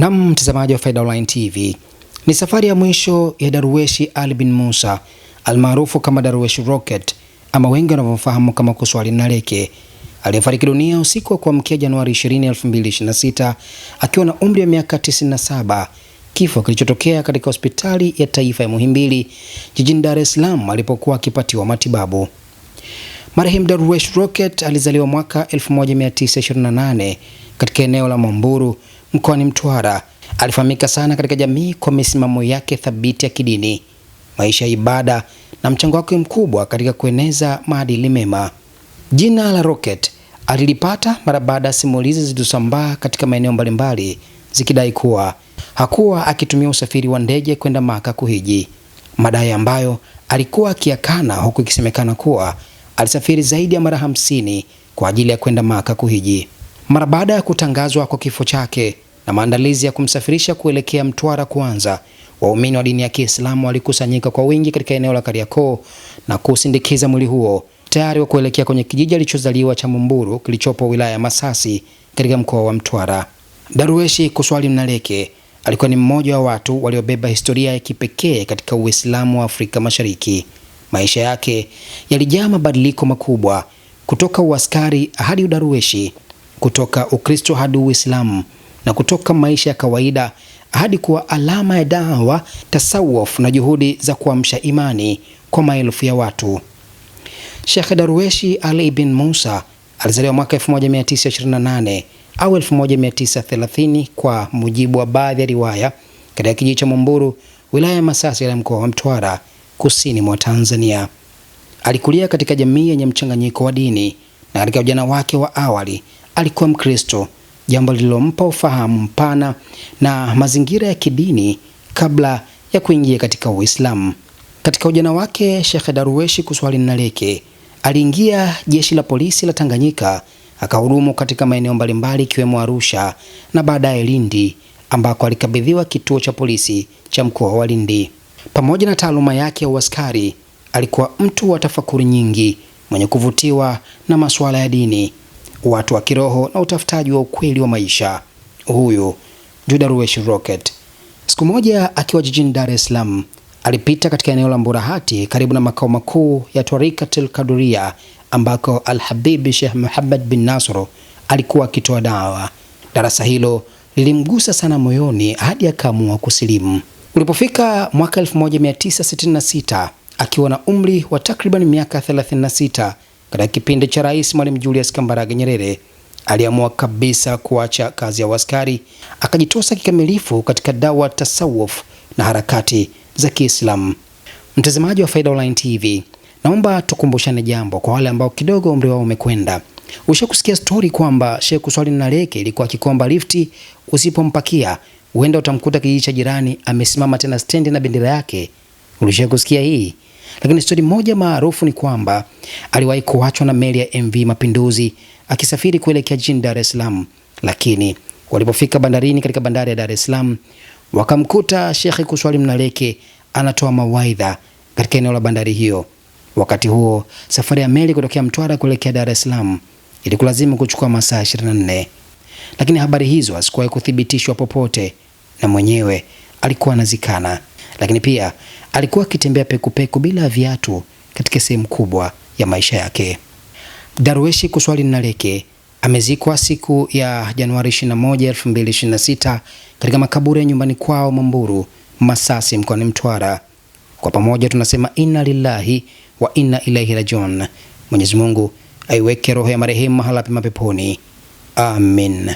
Na mtazamaji wa Faida Online TV, ni safari ya mwisho ya darweshi Ali bin Musa almaarufu kama Daruweshi Rocket ama wengi wanavyomfahamu kama Kuswali Naleke aliyefariki dunia usiku wa kuamkia Januari 20, 2026 akiwa na umri wa miaka 97, kifo kilichotokea katika hospitali ya taifa ya Muhimbili jijini Dar es Salaam alipokuwa akipatiwa matibabu. Marehemu Daruwesh Rocket alizaliwa mwaka 1928 katika eneo la Mwamburu mkoani Mtwara. Alifahamika sana katika jamii kwa misimamo yake thabiti ya kidini, maisha ya ibada na mchango wake mkubwa katika kueneza maadili mema. Jina la Rocket alilipata mara baada ya simulizi zilizosambaa katika maeneo mbalimbali zikidai kuwa hakuwa akitumia usafiri wa ndege kwenda Maka kuhiji, madai ambayo alikuwa akiyakana, huku ikisemekana kuwa alisafiri zaidi ya mara hamsini kwa ajili ya kwenda Maka kuhiji. Mara baada ya kutangazwa kwa kifo chake, na maandalizi ya kumsafirisha kuelekea Mtwara kuanza, waumini wa dini ya Kiislamu walikusanyika kwa wingi katika eneo la Kariakoo na kusindikiza mwili huo tayari wa kuelekea kwenye kijiji alichozaliwa cha Mumburu kilichopo wilaya ya Masasi katika mkoa wa Mtwara. darueshi Kuswali Mnaleke alikuwa ni mmoja wa watu waliobeba historia ya kipekee katika Uislamu wa Afrika Mashariki. Maisha yake yalijaa mabadiliko makubwa, kutoka uaskari hadi udarueshi kutoka Ukristo hadi Uislamu na kutoka maisha ya kawaida hadi kuwa alama ya dawa, tasawuf na juhudi za kuamsha imani kwa maelfu ya watu. Sheikh Darweshi Ali bin Musa alizaliwa mwaka 1928 au 1930 kwa mujibu wa baadhi ya riwaya katika kijiji cha Mumburu, wilaya ya Masasi ya mkoa wa Mtwara, kusini mwa Tanzania. Alikulia katika jamii yenye mchanganyiko wa dini na katika ujana wake wa awali alikuwa Mkristo jambo lililompa ufahamu mpana na mazingira ya kidini kabla ya kuingia katika Uislamu. Katika ujana wake, Sheikh Daruweshi Kuswali Nnaleke aliingia jeshi la polisi la Tanganyika, akahudumu katika maeneo mbalimbali ikiwemo Arusha na baadaye Lindi, ambako alikabidhiwa kituo cha polisi cha mkoa wa Lindi. Pamoja na taaluma yake ya uaskari, alikuwa mtu wa tafakuri nyingi, mwenye kuvutiwa na masuala ya dini watu wa kiroho na utafutaji wa ukweli wa maisha. Huyu Juda Ruwesh Rocket siku moja akiwa jijini Dar es Salaam alipita katika eneo la Mburahati karibu na makao makuu ya Twarikatul Kaduria ambako alhabib Sheikh Muhammad bin Nasr alikuwa akitoa dawa. Darasa hilo lilimgusa sana moyoni hadi akaamua kusilimu. Ulipofika mwaka 1966 akiwa na umri wa takriban miaka 36 katika kipindi cha Rais Mwalimu Julius Kambarage Nyerere aliamua kabisa kuacha kazi ya uaskari akajitosa kikamilifu katika dawa tasawuf na harakati za Kiislamu. Mtazamaji wa Faida Online TV, naomba tukumbushane jambo kwa wale ambao kidogo umri wao umekwenda. Ushakusikia stori kwamba Sheikh Swalin Naleke ilikuwa akikomba lifti, usipompakia huenda utamkuta kijiji cha jirani amesimama tena stendi na bendera yake. Ulishakusikia hii? Lakini stori moja maarufu ni kwamba aliwahi kuachwa na meli ya MV Mapinduzi akisafiri kuelekea jijini Dar es Salaam, lakini walipofika bandarini katika bandari ya Dar es Salaam wakamkuta Shekhe Kuswali Mnaleke anatoa mawaidha katika eneo la bandari hiyo. Wakati huo safari ya meli kutokea Mtwara kuelekea Dar es Salaam ilikulazimu kuchukua masaa 24, lakini habari hizo hazikuwahi kuthibitishwa popote na mwenyewe alikuwa anazikana lakini pia alikuwa akitembea pekupeku bila viatu katika sehemu kubwa ya maisha yake. Darweshi Kuswali Nnaleke amezikwa siku ya Januari 21, 2026 katika makaburi ya nyumbani kwao Mamburu, Masasi, mkoani Mtwara. Kwa pamoja tunasema inna lillahi wa inna ilaihi rajiun. Mwenyezi Mungu aiweke roho ya marehemu mahala pema peponi, amin.